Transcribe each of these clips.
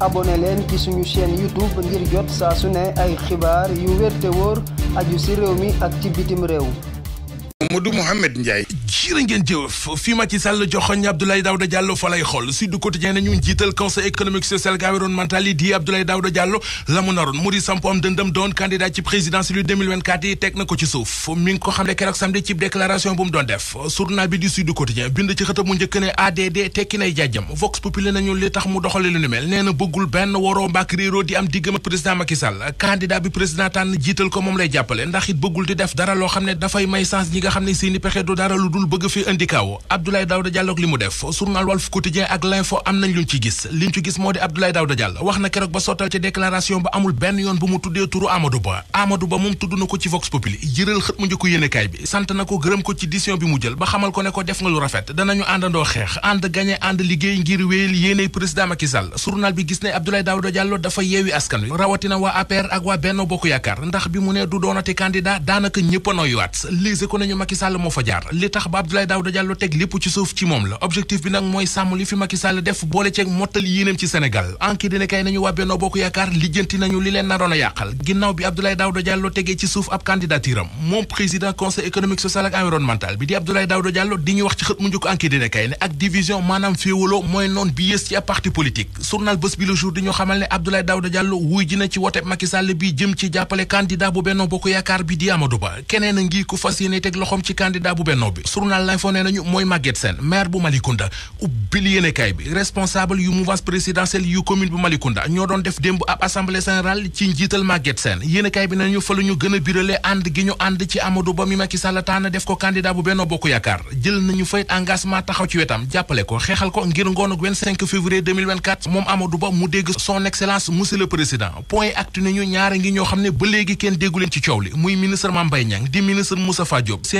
abonné leen ki suñu chaîne YouTube ngir jot saa su ne ay xibaar yu wér woor wóor ci réew mi ak ci bitim réew Mamadou Mouhamed Ndiaye jërë ngeen jëf fi Macky joxoñ Abdoulaye Daouda Diallo fa lay Sud Quotidien nañu njiital conseil économique social et yi di Abdoulaye Daouda Diallo la naroon mu di am dëndëm doon candidat ci présidentielle yu 2024 teg na ko ci suuf mi ko xam keroog samedi ci déclaration bu mu doon def journal bi di Sud Quotidien bind ci xëtam njëkk ne ADD tekki nay jàjjam Vox Populi nañu li tax mu doxale lu ni mel nee na nga xam ne seeni pexe du dara lu dul bëgg fi indi kaw Abdoulaye li mu def journal Walf Quotidien ak l'info gis moo di Abdoulaye Daouda Diallo wax na keroog ba sottal ci déclaration ba yoon bu mu tuddee turu Amadou moom tudd na ko ci Vox Populi jëral xët mu njëkk yéenekaay bi sant na ko gërëm ko ci décision bi mu jël ba xamal ko ne ko def nga lu rafet danañu àndandoo xeex ànd gañe ànd liggéey ngir wéyal yéeney président Macky Sall journal bi gis ne Abdoulaye Daouda Diallo dafa yeewi askan wi rawatina waa APR ak waa Benno Bokk Yaakaar ndax bi mu ne du doonati candidat daanaka ñëpp a noyuwaat Macky moo fa jaar li tax ba Abdoulaye Daouda Diallo teg lépp ci suuf ci moom la objectif bi nag mooy sàmm li fi Macky def boole ceeg mottali yéeneem ci Sénégal anki dina nañu waa Benno Bokk Yaakaar lijjanti nañu li leen naroon a yàqal ginnaaw bi Abdoulaye Daouda Diallo tegee ci suuf ab candidature moom président conseil économique social ak environnemental bi di Abdoulaye Daouda Diallo di ñuy wax ci xët mu njëkk anki dina ne ak division maanaam loxoom ci candidat bu bennoo bi journal L'Info nee nañu mooy Maguette Sène maire bu Malicounda ubbil yéenekaay bi responsable yu mouvance présidentielle yu commune bu Malicounda ñoo doon def démb ab assemblée générale ci njiital Maguette Sène yéenekaay bi nañu fa la ñu a birale ànd gi ñu ànd ci Amadou Ba mi Macky Sall tànn def ko candidat bu Benno Bokk Yaakaar jël nañu fayit engagement taxaw ci wetam jàppale ko xeexal ko ngir ngoonuk 25 moom Amadou Ba mu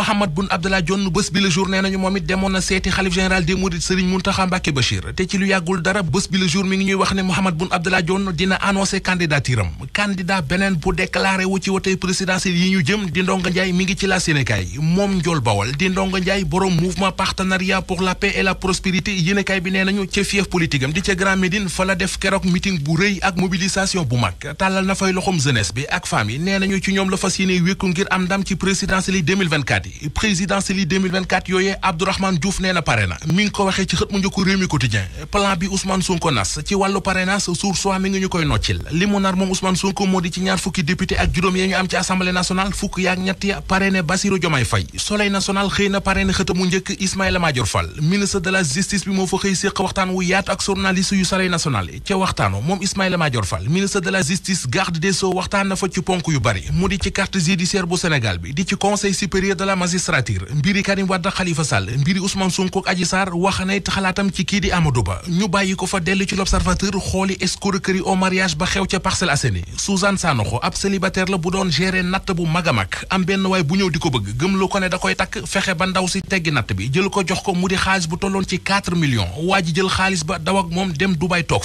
Mahammed Boun Abdallah Dionne bés bi la jour nee nañu moom it demoon na seeti xalif général des mourides Serigne Mountakha Mbacké Bachir te ci lu yàggul dara bés bi la jour mi ngi ñuy wax ne Mahammed Boun Abdallah Dionne dina annoncé candidature am beneen bu déclaré ci wote présidentielle yi ñu jëm di Ndonga Ndiaye mi ngi ci la Sénégal moom Ndiol Bawal di Ndonga Ndiaye borom mouvement partenariat pour la paix et la prospérité yéenekaay bi nee nañu na fay loxom jeunesse bi yi présidentielle yi 2024 yooyee Abdourahmane nee na pare na mi ngi ko waxee ci xët mu njëkku Rewmi Quotidien plan bi Ousmane Sonko nas ci wàllu parrainage suur soi mi ngi ñu koy noccil li moom Ousmane Sonko moo di ci ñaar fukki député ak juróom yee ñu am ci assemblée nationale fukk yaak ñett ya parrainé Bassirou Diomaye Faye Soleil national xëy na parrainé xët mu njëkk Ismaïla Madior Fall ministre de la justice bi moo fa xëy séq waxtaan wu yaatu ak journaliste magistrature mbiri Karim Wade Khalifa Sall mbiri Ousmane Sonko ak Adji Sarr wax na it xalaatam ci kii di Amadou Ba ñu bàyyi ko fa dellu ci l'observateur xooli escroquerie au mariage ba xew ca Parcelles Assainies Suzanne Sanoxo ab célibataire la bu doon gere natt bu mag a mag am benn waay bu ñëw di ko bëgg gëm lu ko ne da koy takk fexe ba ndaw si teggi natt bi jël ko jox ko mu di xaalis bu tolloon ci 4 millions waa ji jël xaalis ba daw ak moom dem Dubaay toog